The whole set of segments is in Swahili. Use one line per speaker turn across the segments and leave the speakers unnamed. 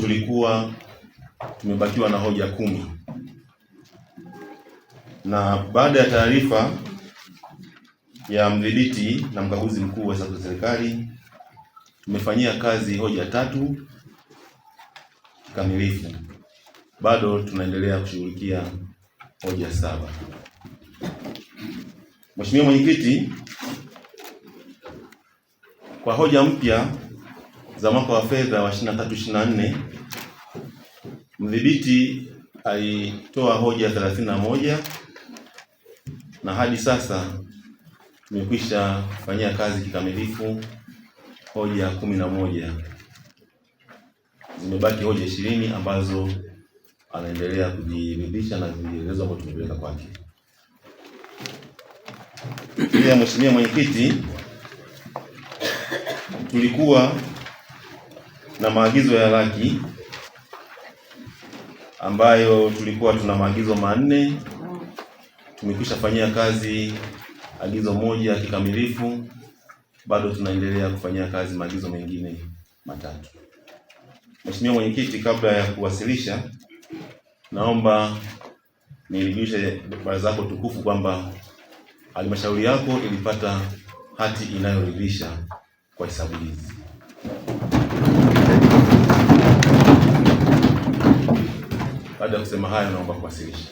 Tulikuwa tumebakiwa na hoja kumi na baada ya taarifa ya mdhibiti na mkaguzi mkuu wa hesabu za serikali tumefanyia kazi hoja tatu kikamilifu. Bado tunaendelea kushughulikia hoja saba. Mheshimiwa Mwenyekiti, kwa hoja mpya za mwaka wa fedha wa 23 24 mdhibiti alitoa hoja 31 na hadi sasa tumekwisha fanyia kazi kikamilifu hoja kumi na moja. Zimebaki hoja ishirini ambazo anaendelea kujiridhisha na zielezo ambavyo tumepeleka kwake. Pia Mheshimiwa Mwenyekiti, tulikuwa na maagizo ya laki ambayo tulikuwa tuna maagizo manne. Tumekwisha fanyia kazi agizo moja kikamilifu, bado tunaendelea kufanyia kazi maagizo mengine matatu. Mheshimiwa Mwenyekiti, kabla ya kuwasilisha, naomba nilijulishe baraza lako tukufu kwamba halmashauri yako ilipata hati inayoridhisha kwa hesabu hizi. Baada ya kusema hayo, naomba kuwasilisha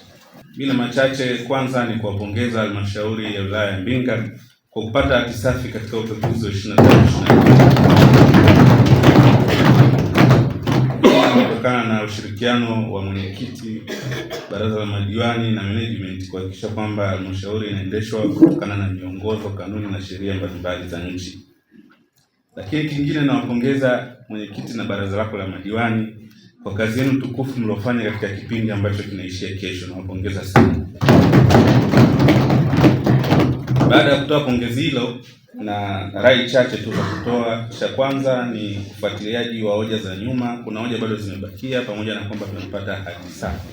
mina machache. Kwanza ni kuwapongeza halmashauri ya wilaya ya Mbinga kwa kupata hati safi katika uchaguzi wa 23 kutokana na ushirikiano wa mwenyekiti, baraza la madiwani na management kuhakikisha kwamba halmashauri inaendeshwa kutokana na miongozo, kanuni na sheria mbalimbali za nchi. Lakini kingine, nawapongeza mwenyekiti na baraza lako la madiwani kwa kazi yenu tukufu mliofanya katika kipindi ambacho kinaishia kesho. Nawapongeza sana. Baada ya kutoa pongezi hilo, na rai chache tu za kutoa. Cha kwanza ni ufuatiliaji wa hoja za nyuma. Kuna hoja bado zimebakia, pamoja na kwamba tumepata hati safi,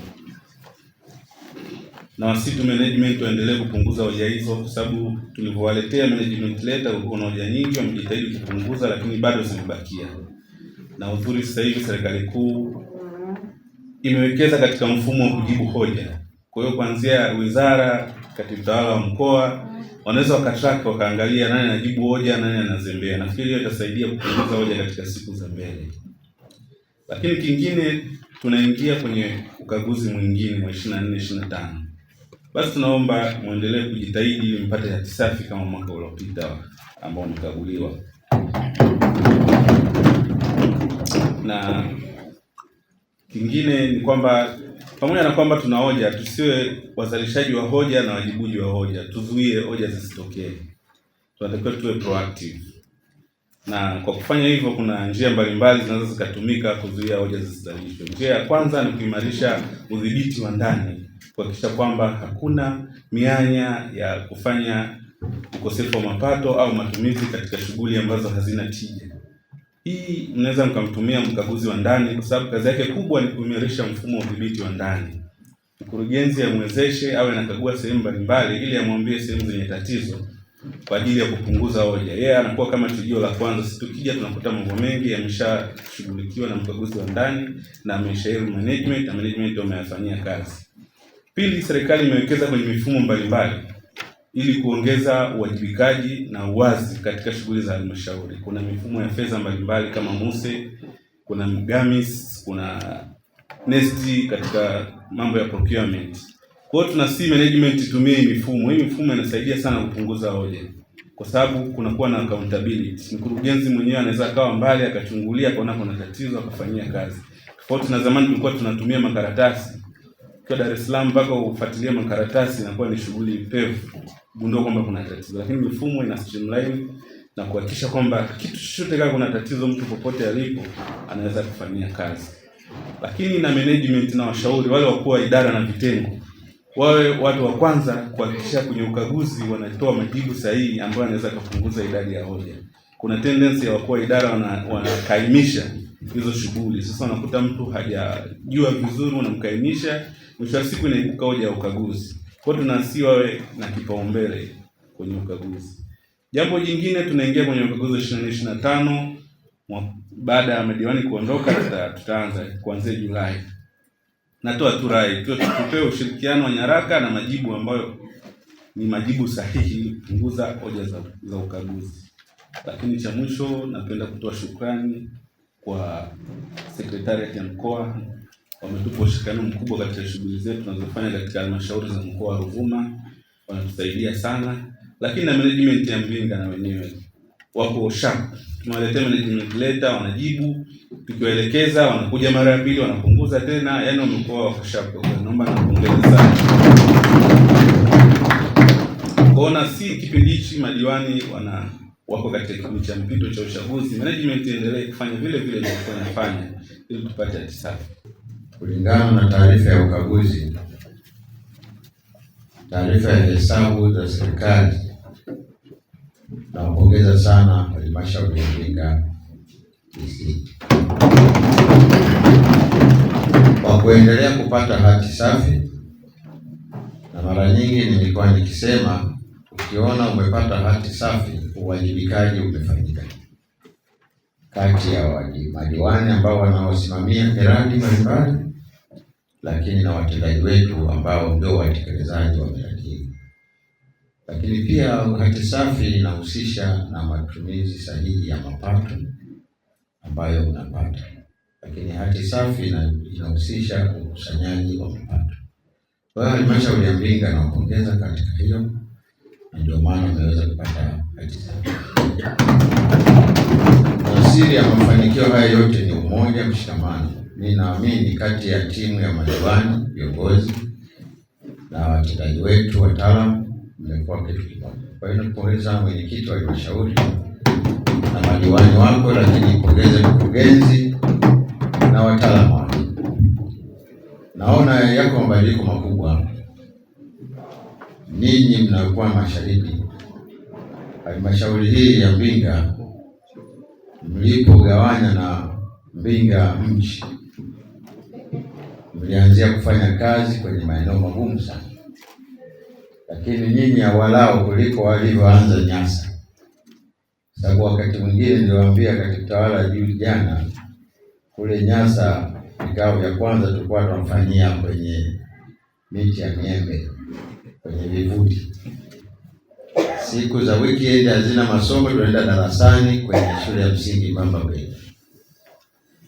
na wasitu management waendelee kupunguza hoja hizo, kwa sababu tulivyowaletea management letter, kuna hoja nyingi wamejitahidi kupunguza, lakini bado zimebakia na uzuri sasa hivi serikali kuu imewekeza katika mfumo wa kujibu hoja. Kwa hiyo kuanzia wizara, katibu tawala wa mkoa wanaweza wakatrack wakaangalia nani anajibu hoja, nani anazembea. Nafikiri hiyo itasaidia kupunguza hoja katika siku za mbele. Lakini kingine, tunaingia kwenye ukaguzi mwingine wa 24 25. Basi tunaomba muendelee kujitahidi ili mpate hati safi kama mwaka uliopita ambao umekaguliwa na kingine ni kwamba pamoja na kwamba tuna hoja, tusiwe wazalishaji wa hoja na wajibuji wa hoja. Tuzuie hoja zisitokee, tunatakiwa tuwe proactive, na kwa kufanya hivyo, kuna njia mbalimbali zinaweza zikatumika kuzuia hoja zisizalishwe. Njia ya kwanza ni kuimarisha udhibiti wa ndani, kuhakikisha kwamba hakuna mianya ya kufanya ukosefu wa mapato au matumizi katika shughuli ambazo hazina tija. Hii mnaweza mkamtumia mkaguzi wa ndani, kwa sababu kazi yake kubwa ni kuimarisha mfumo wa udhibiti wa ndani. Mkurugenzi amwezeshe awe anakagua sehemu mbalimbali, ili amwambie sehemu zenye tatizo kwa ajili ya kupunguza hoja. Yeye yeah, anakuwa kama tujio la kwanza. Sisi tukija tunakuta mambo mengi yameshashughulikiwa na mkaguzi wa ndani na ameshairi management na management ndio kazi. Pili, serikali imewekeza kwenye mifumo mbalimbali ili kuongeza uwajibikaji na uwazi katika shughuli za halmashauri. Kuna mifumo ya fedha mbalimbali kama MUSE, kuna Gamis, kuna NEST katika mambo ya procurement. Kwa hiyo tunasi management itumie hii mifumo. Hii mifumo inasaidia sana kupunguza hoja, kwa sababu kunakuwa na accountability. Mkurugenzi mwenyewe anaweza akawa mbali akachungulia, akaona kuna tatizo, akafanyia kazi, tofauti na zamani tulikuwa tunatumia makaratasi ukiwa Dar es Salaam mpaka ufuatilie makaratasi inakuwa ni shughuli mpevu, gundua kwamba kuna tatizo, lakini mifumo ina streamline na kuhakikisha kwamba kitu chochote kama kuna tatizo, mtu popote alipo anaweza kufanyia kazi. Lakini na management na washauri wale wakuu wa idara na vitengo wawe watu wa kwanza kuhakikisha kwenye ukaguzi wanatoa majibu sahihi ambayo anaweza kupunguza idadi ya hoja. Kuna tendency ya wakuu wa idara wanakaimisha wana hizo shughuli. Sasa unakuta mtu hajajua vizuri, unamkaimisha mwisho wa siku ni hoja ya ukaguzi. Kwa hiyo tunasi wawe na kipaumbele kwenye ukaguzi. Jambo jingine, tunaingia kwenye ukaguzi 2025 baada ya madiwani kuondoka, tutaanza kuanzia Julai. Natoa tu rai tupewe ushirikiano wa nyaraka na majibu ambayo ni majibu sahihi punguza kupunguza hoja za, za ukaguzi. Lakini cha mwisho, napenda kutoa shukrani kwa sekretariat ya mkoa wametupa ushirikiano mkubwa katika shughuli zetu tunazofanya katika halmashauri za mkoa wa Ruvuma, wanatusaidia sana, lakini na management ya Mringa na wenyewe wako sharp. Tumewaletea management letter, wanajibu, tukiwaelekeza wanakuja mara ya pili, wanapunguza tena, yaani wamekuwa wako sharp. Naomba nakupongeza sana kuona si kipindi hichi madiwani wana wako katika kipindi cha mpito cha uchaguzi. Management iendelee kufanya vile vile iliyokuwa inafanya ili tupate hati safi.
Kulingana na taarifa ya ukaguzi, taarifa ya hesabu za serikali, nawapongeza sana halmashauri ya Iringa kwa kuendelea kupata hati safi, na mara nyingi nilikuwa nikisema ukiona umepata hati safi, uwajibikaji umefanyika kati ya madiwani ambao wanaosimamia miradi mbalimbali lakini na watendaji wetu ambao ndio watekelezaji wa miradi hii. Lakini pia UKAWATA safi inahusisha na matumizi sahihi ya mapato ambayo unapata, lakini hati safi inahusisha ukusanyaji wa mapato. Kwa hiyo halmashauri ya Mbinga nawapongeza katika hiyo, na ndio maana umeweza kupata hati safi. Siri ya mafanikio haya yote ni umoja, mshikamano mimi naamini kati ya timu ya madiwani, viongozi na watendaji wetu wataalamu, mmekuwa kitu kimoja. Kwa hiyo nikupongeza mwenyekiti wa halmashauri na madiwani wako, lakini pongeze mkurugenzi na wataalamu wake. Naona yako mabadiliko makubwa, ninyi mnakuwa mashariki. Halmashauri hii ya Mbinga mlipogawanya na Mbinga mji mlianzia kufanya kazi kwenye maeneo magumu sana, lakini nyinyi awalao kuliko walivyoanza Nyasa, sababu wakati mwingine niliwaambia katika utawala juu jana kule Nyasa, vikao vya kwanza tulikuwa tunafanyia kwenye miti ya miembe kwenye vivuti. Siku za weekend hazina masomo, tunaenda darasani kwenye shule ya msingi Mamba Mbele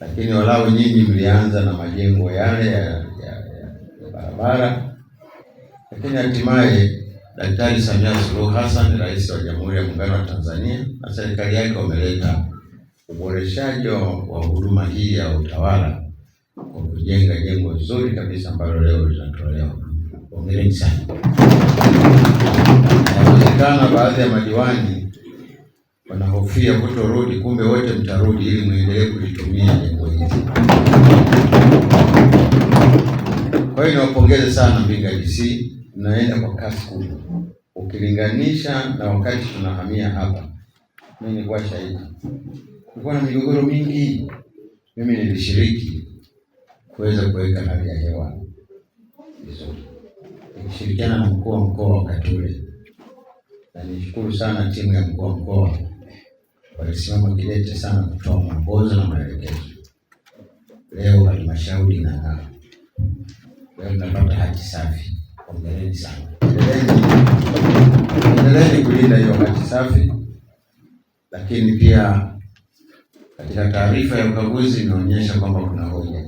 lakini walau nyinyi mlianza na majengo yale ya, ya, ya barabara, lakini hatimaye Daktari Samia Suluhu Hassan, rais wa Jamhuri ya Muungano wa Tanzania na serikali yake wameleta uboreshaji wa huduma hii ya utawala kwa kujenga jengo zuri kabisa ambalo leo linatolewa. Hongereni sana. Inawezekana baadhi ya madiwani wanahofia kutorudi, kumbe wote mtarudi ili muendelee kulitumia jengo hili. Kwa hiyo niwapongeze sana Mbinga DC, naenda kwa kasi kubwa ukilinganisha na wakati tunahamia hapa. Mimi nilikuwa shahidi, kulikuwa na migogoro mingi, mimi nilishiriki kuweza kuweka hali ya hewa vizuri, nikishirikiana na mkuu wa mkoa wakati ule, na nishukuru sana timu ya mkuu wa mkoa walisimama kidete sana kutoa mwongozo na maelekezo. Leo halmashauri inang'aa, leo mnapata hati safi. Hongereni sana, endeleni kulinda hiyo hati safi. Lakini pia katika taarifa ya ukaguzi inaonyesha kwamba kuna hoja,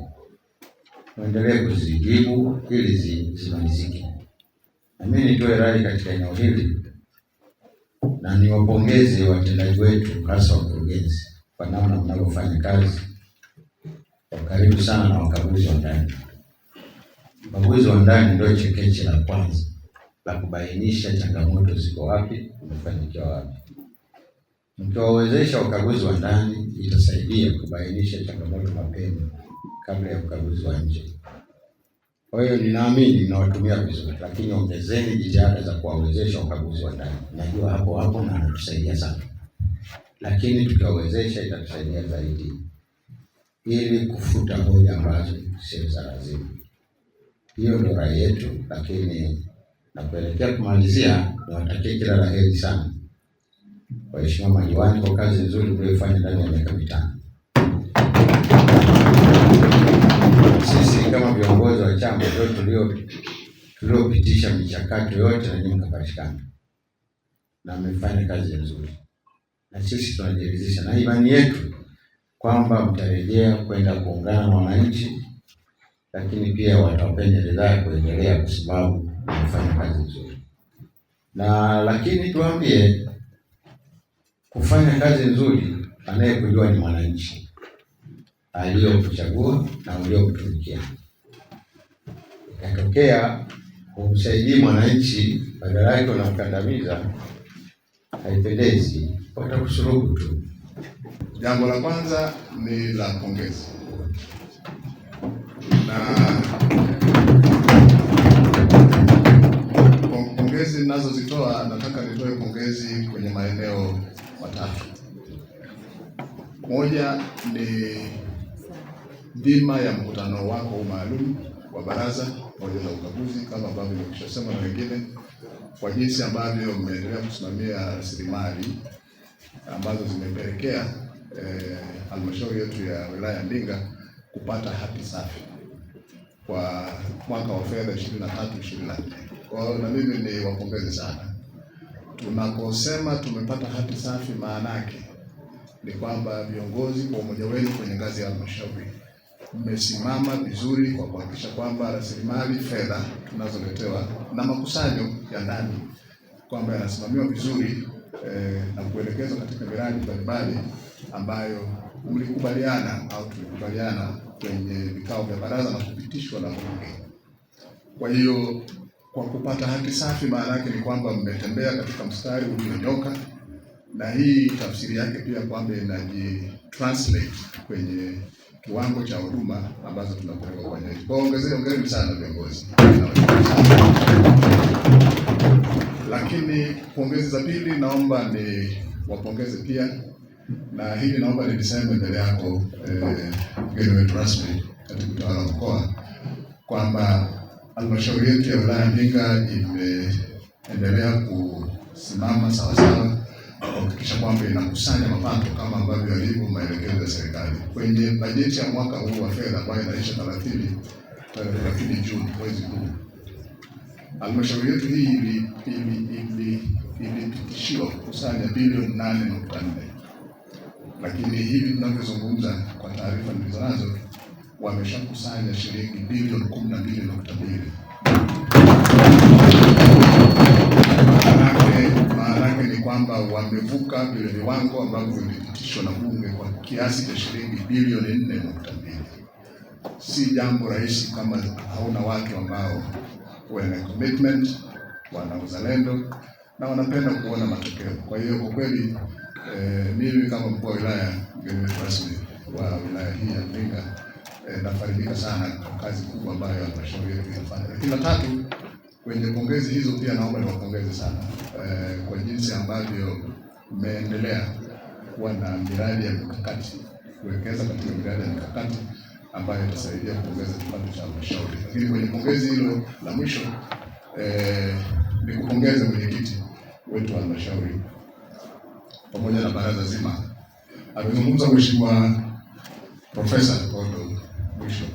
muendelee kuzijibu ili zimalizike. Na mimi nitoe rai katika eneo hili na niwapongeze watendaji wetu hasa wakurugenzi kwa namna mnavyofanya kazi kwa karibu sana na wakaguzi wa ndani. Ukaguzi wa ndani ndio chekeche la kwanza la kubainisha changamoto ziko wapi, umefanikiwa wapi. Mkiwawezesha wakaguzi wa ndani, itasaidia kubainisha changamoto mapema kabla ya ukaguzi wa nje. Kwa hiyo ninaamini mnawatumia vizuri, lakini ongezeni jitihada za kuwawezesha ukaguzi wa ndani. Najua hapo hapo na anatusaidia sana, lakini tukiwawezesha itatusaidia zaidi, ili kufuta hoja ambazo sio za lazima. Hiyo ndio rai yetu, lakini na kuelekea kumalizia, niwatakie kila la heri sana waheshimiwa madiwani kwa kazi nzuri mlioifanya ndani ya miaka mitano sisi kama viongozi wa chama ndio tuliopitisha michakato yote na nyinyi mkapatikana na mmefanya kazi nzuri, na sisi tunajiridhisha na imani yetu kwamba mtarejea kwenda kuungana na wananchi, lakini pia watapenya ridhaa ya kuendelea kwa sababu mmefanya kazi nzuri. Na lakini tuambie, kufanya kazi nzuri, anayekujua ni mwananchi aliyekuchagua na uliokutumikia yakatokea humsaidii mwananchi, badala yake unamkandamiza, haipendezi. Watakusuruhu tu.
Jambo la kwanza ni la pongezi na pongezi ninazozitoa, nataka nitoe pongezi kwenye maeneo matatu. Moja ni dhima ya mkutano wako maalum wa baraza pamoja na ukaguzi kama ambavyo nimeshasema na wengine, kwa jinsi ambavyo mmeendelea kusimamia rasilimali ambazo zimepelekea eh, halmashauri eh, yetu ya wilaya Mbinga kupata hati safi kwa mwaka wa fedha 23 24. Kwa hiyo na mimi ni wapongeze sana. Tunaposema tumepata hati safi, maana yake ni kwamba viongozi kwa umoja wenu kwenye ngazi ya halmashauri mmesimama vizuri kwa kuhakikisha kwamba rasilimali fedha tunazoletewa na makusanyo ya ndani kwamba yanasimamiwa vizuri eh, na kuelekezwa katika miradi mbalimbali ambayo mlikubaliana au tulikubaliana kwenye vikao vya baraza na kupitishwa na Bunge. Kwa hiyo kwa kupata hati safi, maana yake ni kwamba mmetembea katika mstari ulionyoka, na hii tafsiri yake pia kwamba inaji translate kwenye kiwango cha huduma ambazo tunapeleka kwa wananchi. Kwa ongezeni, ongezeni sana viongozi. Lakini pongezi za pili, naomba ni wapongeze pia, na hili naomba niliseme mbele yako eh, mgeni eh, wetu rasmi katika utawala wa mkoa kwamba halmashauri yetu ya wilaya Mbinga imeendelea kusimama sawasawa kuhakikisha kwamba inakusanya mapato kama ambavyo yalivyo maelekezo ya serikali kwenye bajeti ya mwaka huu wa fedha ambayo inaisha thelathini eh, thelathini Juni mwezi huu. Halmashauri yetu hii ilipitishiwa kukusanya bilioni nane nukta nne lakini hivi tunavyozungumza kwa taarifa nilizonazo wameshakusanya shilingi bilioni kumi na mbili nukta mbili yake ni kwamba wamevuka vile viwango ambavyo vimepitishwa na Bunge kwa kiasi cha shilingi bilioni nne nukta mbili. Si jambo rahisi kama hauna watu ambao wana commitment, wana uzalendo na wanapenda kuona matokeo. Kwa hiyo kwa kweli eh, mimi kama mkuu wa wilaya, mgeni rasmi wa wilaya hii ya Mbinga eh, sana kwa kazi kubwa ambayo halmashauri yetu inafanya. Lakini la tatu Kwenye pongezi hizo pia naomba niwapongeze sana eh, kwa jinsi ambavyo mmeendelea kuwa na miradi ya mikakati, kuwekeza katika miradi ya mikakati ambayo itasaidia kuongeza kipato cha halmashauri. Lakini kwenye pongezi hilo la mwisho eh, ni kupongeza mwenyekiti wetu wa halmashauri pamoja na baraza zima. Amezungumza Mheshimiwa Profesa Kondo mwisho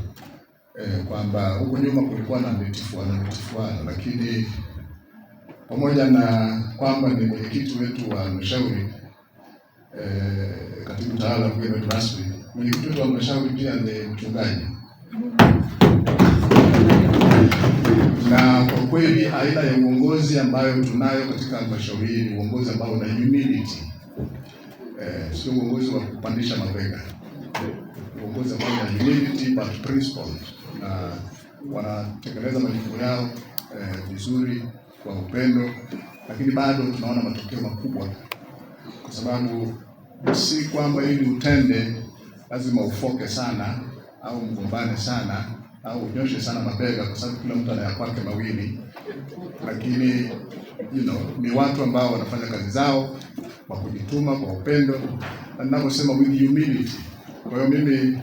eh, kwamba huko nyuma kulikuwa na mitifuano mitifuano, lakini pamoja na kwamba ni mwenyekiti wetu wa halmashauri eh, katibu tawala huyu wetu rasmi, mwenyekiti wetu wa halmashauri pia ni mchungaji na kwa kweli aina ya uongozi ambayo tunayo katika halmashauri hii ni uongozi ambao una humility eh, sio uongozi wa kupandisha mabega, uongozi ambao una humility but principled na wanatekeleza majukumu yao eh, vizuri e, kwa upendo, lakini bado tunaona matokeo makubwa, kwa sababu si kwamba ili utende lazima ufoke sana au mgombane sana au unyoshe sana mabega, kwa sababu kila mtu ana ya kwake mawili, lakini you know, ni watu ambao wanafanya kazi zao kwa kujituma, kwa upendo, na ninavyosema with humility. Kwa hiyo mimi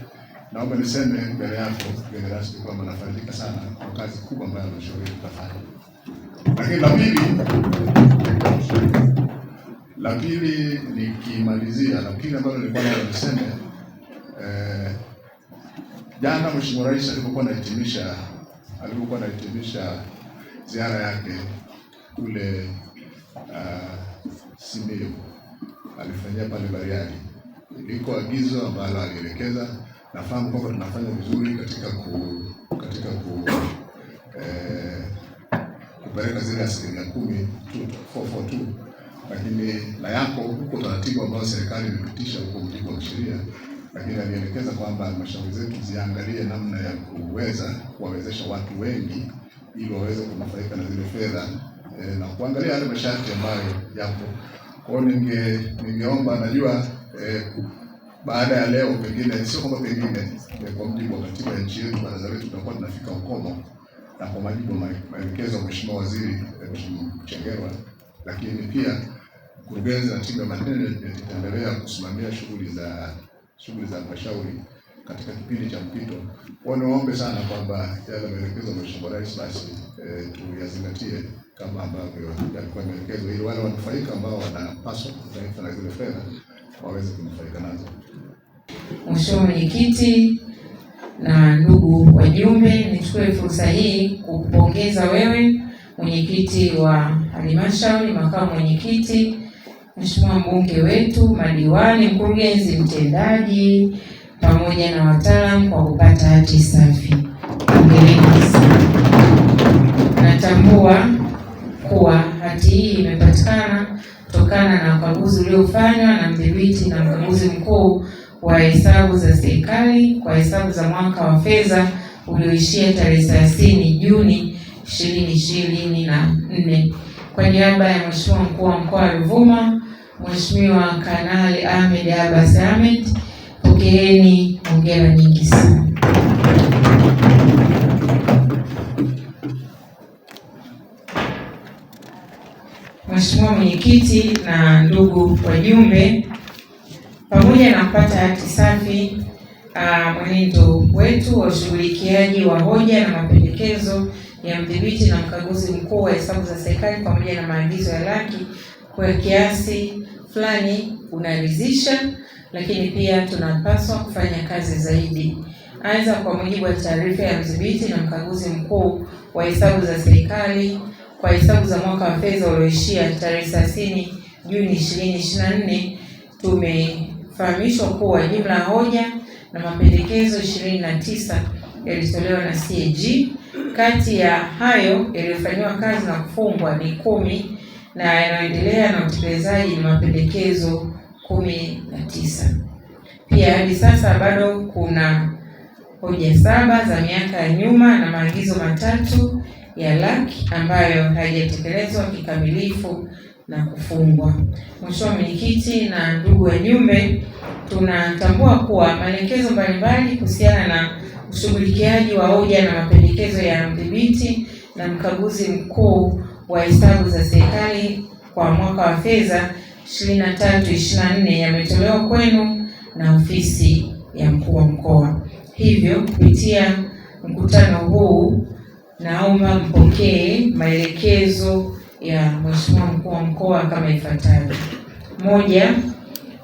Naomba niseme mbele yako mgeni rasmi kwamba nafarijika sana kwa kazi kubwa ambayo halmashauri mtafanya. Lakini la pili, la pili nikimalizia, la pili ambalo nilikuwa naomba niseme eh, jana Mheshimiwa Rais alipokuwa anahitimisha alipokuwa anahitimisha ziara yake kule uh, Simiyu alifanyia pale Bariadi, liko agizo ambalo alielekeza nafahamu kwamba tunafanya vizuri katika ku, katika ku, eh, kupeleka zile asilimia kumi tu, lakini na yako huko taratibu ambayo serikali imepitisha huko mjibu wa sheria, lakini alielekeza kwamba halmashauri zetu ziangalie namna ya kuweza kuwawezesha watu wengi ili waweze kunufaika na zile fedha eh, na kuangalia yale masharti ambayo yapo. kwao ninge- ningeomba najua eh, baada ya leo, pengine sio kwamba pengine, eh, kwa mujibu wa katiba ya nchi yetu, baraza letu tutakuwa tunafika ukomo na kwa majibu maelekezo ya Mheshimiwa Waziri eh, Mchengerwa, Chengerwa, lakini pia mkurugenzi na timu ya maneno itaendelea kusimamia shughuli za shughuli za halmashauri katika kipindi cha mpito. Kwa niwaombe sana kwamba yale maelekezo ya Mheshimiwa Rais basi e, tuyazingatie kama ambavyo yalikuwa maelekezo, ili wale wanufaika ambao wanapaswa kunufaika na zile fedha waweze kunufaika nazo.
Mheshimiwa Mwenyekiti na ndugu wajumbe, nichukue fursa hii kukupongeza wewe mwenyekiti wa halmashauri, makamu mwenyekiti, mheshimiwa mbunge wetu, madiwani, mkurugenzi mtendaji pamoja na wataalamu kwa kupata hati safi. Hongereni sana. Natambua kuwa hati hii imepatikana kutokana na ukaguzi uliofanywa na mdhibiti na mkaguzi mkuu wa hesabu za serikali kwa hesabu za mwaka wa fedha ulioishia tarehe 30 Juni 2024. Kwa niaba ya Mheshimiwa Mkuu wa Mkoa wa Ruvuma, Mheshimiwa Kanali Ahmed Abbas Ahmed, pokeeni hongera nyingi sana. Mheshimiwa Mwenyekiti na ndugu wajumbe pamoja na kupata hati safi uh, mwenendo wetu wa ushughulikiaji wa hoja na mapendekezo ya mdhibiti na mkaguzi mkuu wa hesabu za serikali pamoja na maagizo ya laki kwa kiasi fulani unaridhisha, lakini pia tunapaswa kufanya kazi zaidi. Aidha, kwa mujibu wa taarifa ya mdhibiti na mkaguzi mkuu wa hesabu za serikali kwa hesabu za mwaka wa fedha ulioishia tarehe 30 Juni 2024 tume Fahamishwa kuwa jumla ya hoja na mapendekezo ishirini na tisa yalitolewa na CAG. Kati ya hayo yaliyofanyiwa kazi na kufungwa ni kumi na yanayoendelea na utekelezaji ni mapendekezo kumi na tisa. Pia hadi sasa bado kuna hoja saba za miaka ya nyuma na maagizo matatu ya LAC ambayo hayajatekelezwa kikamilifu na kufungwa. Mheshimiwa Mwenyekiti na ndugu wajumbe, tunatambua kuwa maelekezo mbalimbali kuhusiana na ushughulikiaji wa hoja na mapendekezo ya mdhibiti na mkaguzi mkuu wa hesabu za serikali kwa mwaka wa fedha 23 24 yametolewa kwenu na ofisi ya mkuu wa mkoa. Hivyo, kupitia mkutano huu naomba mpokee maelekezo ya Mheshimiwa Mkuu wa Mkoa kama ifuatavyo: moja,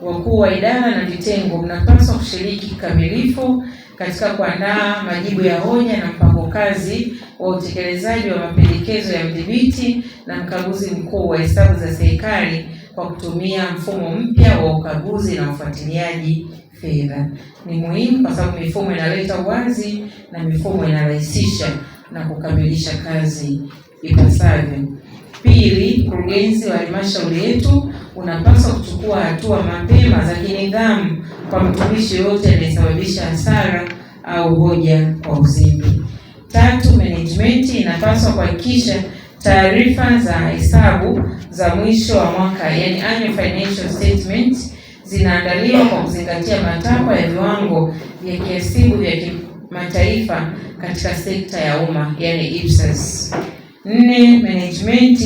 wakuu wa idara na vitengo mnapaswa kushiriki kikamilifu katika kuandaa majibu ya hoja na mpango kazi wa utekelezaji wa mapendekezo ya mdhibiti na mkaguzi mkuu wa hesabu za serikali kwa kutumia mfumo mpya wa ukaguzi na ufuatiliaji fedha. Ni muhimu kwa sababu mifumo inaleta uwazi na mifumo inarahisisha na kukamilisha kazi ipasavyo. Pili, mkurugenzi wa halmashauri yetu unapaswa kuchukua hatua mapema za kinidhamu kwa mtumishi yoyote anayesababisha hasara au hoja kwa uzibi. Tatu, management inapaswa kuhakikisha taarifa za hesabu za mwisho wa mwaka yani annual financial statement zinaandaliwa kwa kuzingatia matakwa ya viwango vya kiasibu vya kimataifa katika sekta ya umma yani IPSAS. Nne, management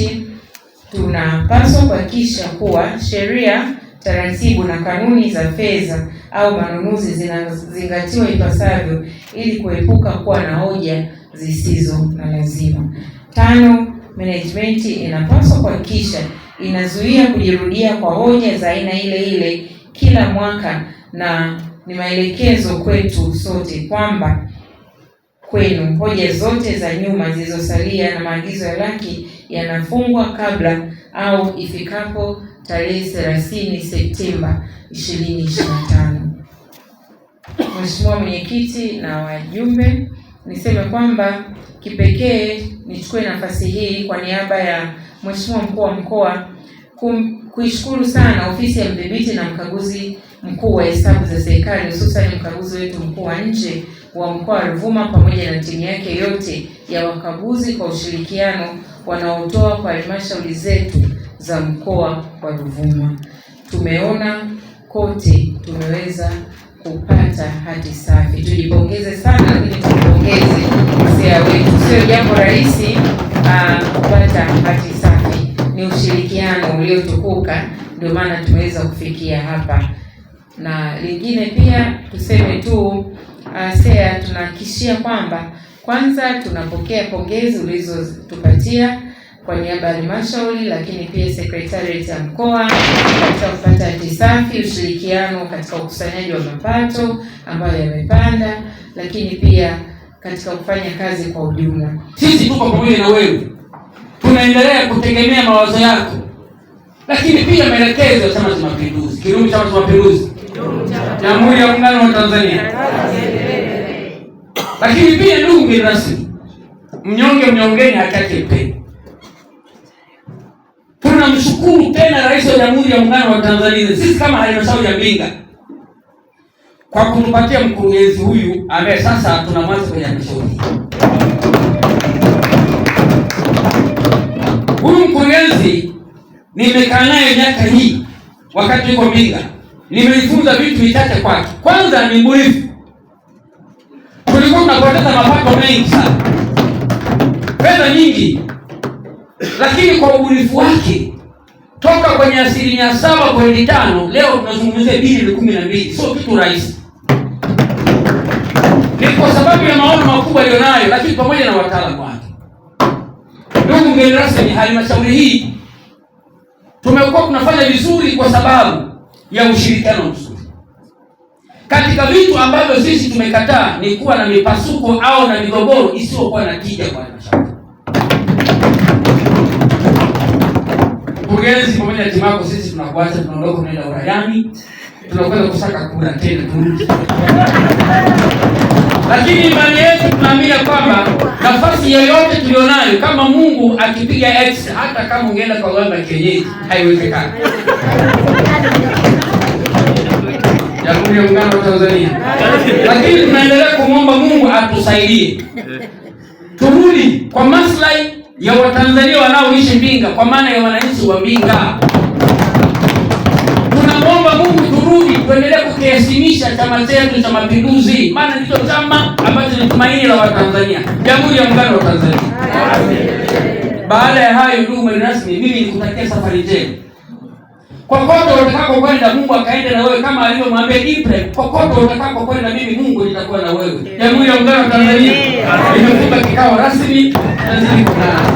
tunapaswa kuhakikisha kuwa sheria, taratibu na kanuni za fedha au manunuzi zinazingatiwa ipasavyo ili kuepuka kuwa na hoja zisizo na lazima. Tano, management inapaswa kuhakikisha inazuia kujirudia kwa hoja za aina ile ile kila mwaka, na ni maelekezo kwetu sote kwamba kwenu, hoja zote za nyuma zilizosalia na maagizo ya laki yanafungwa kabla au ifikapo tarehe 30 Septemba 2025. Mheshimiwa Mwenyekiti na wajumbe, niseme kwamba kipekee nichukue nafasi hii kwa niaba ya Mheshimiwa Mkuu wa Mkoa kuishukuru sana Ofisi ya Mdhibiti na Mkaguzi Mkuu wa Hesabu za Serikali, hususan mkaguzi wetu mkuu wa nje wa mkoa wa Ruvuma pamoja na timu yake yote ya wakaguzi kwa ushirikiano wanaotoa kwa halmashauri zetu za mkoa wa Ruvuma. Tumeona kote tumeweza kupata hati safi, tujipongeze sana, lakini tujipongeze sia wetu. Sio jambo rahisi ah, kupata hati safi, ni ushirikiano uliotukuka, ndio maana tumeweza kufikia hapa na lingine pia tuseme tu uh, SEA tunahakikishia kwamba kwanza tunapokea pongezi ulizotupatia kwa niaba ya halmashauri, lakini pia sekretarieti ya mkoa katika kupata hati safi, ushirikiano katika ukusanyaji wa mapato ambayo yamepanda, lakini pia katika kufanya kazi kwa ujumla.
Sisi tuko pamoja na wewe, tunaendelea kutegemea mawazo yako, lakini pia maelekezo ya Chama cha Mapinduzi, kirumi Chama cha Mapinduzi Jamhuri ya Muungano wa Tanzania. Lakini pia ndugu mgeni rasmi, mnyonge mnyongeni hataki mpeni. Tunamshukuru tena Rais wa Jamhuri ya Muungano wa Tanzania, sisi kama halmashauri ya Mbinga kwa kutupatia mkurugenzi huyu ambaye sasa tunamwanza kwenye halmashauri. Huyu mkurugenzi nimekaa naye miaka hii wakati yuko Mbinga nimejifunza vitu vichache kwake. Kwanza ni mbunifu. Tulikuwa tunapoteza mapato mengi sana, fedha nyingi, lakini kwa ubunifu wake toka kwenye asilimia saba kweli tano, leo tunazungumzia bilioni kumi na mbili. Sio kitu rahisi, ni kwa sababu ya maono makubwa aliyonayo, lakini pamoja na wataalamu wake. Ndugu mgeni rasmi, halmashauri hii tumekuwa tunafanya vizuri kwa sababu ya ushirikiano mzuri. Katika vitu ambavyo sisi tumekataa ni kuwa na mipasuko au na migogoro isiyokuwa na tija kwa halmashauri. Mkurugenzi pamoja na timu yako, sisi tunakuacha, tunaondoka, tunaenda urayani, tunakwenda kusaka kura tena turudi. Lakini imani yetu tunaamini kwamba nafasi yoyote tulionayo, kama Mungu akipiga x, hata kama ungeenda kwa gamba kienyeji, haiwezekani. Jamhuri ya Muungano wa Tanzania, lakini tunaendelea kumwomba Mungu atusaidie turudi kwa maslahi ya Watanzania wanaoishi Mbinga, kwa maana ya wananchi wa Mbinga. Tunamwomba Mungu turudi, tuendelee kukiheshimisha chama chetu cha Mapinduzi, maana ndicho chama ambacho ni tumaini la Watanzania, Jamhuri ya Muungano wa Tanzania. Baada ya hayo, ndugu mgeni rasmi, mimi nikutakia safari njema. Kokote utakako kwenda Mungu akaenda na wewe kama alivyomwambia Ibrahim, kokote utakako kwenda mimi Mungu nitakuwa na wewe. Jamhuri ya Muungano wa Tanzania imefunga kikao rasmi na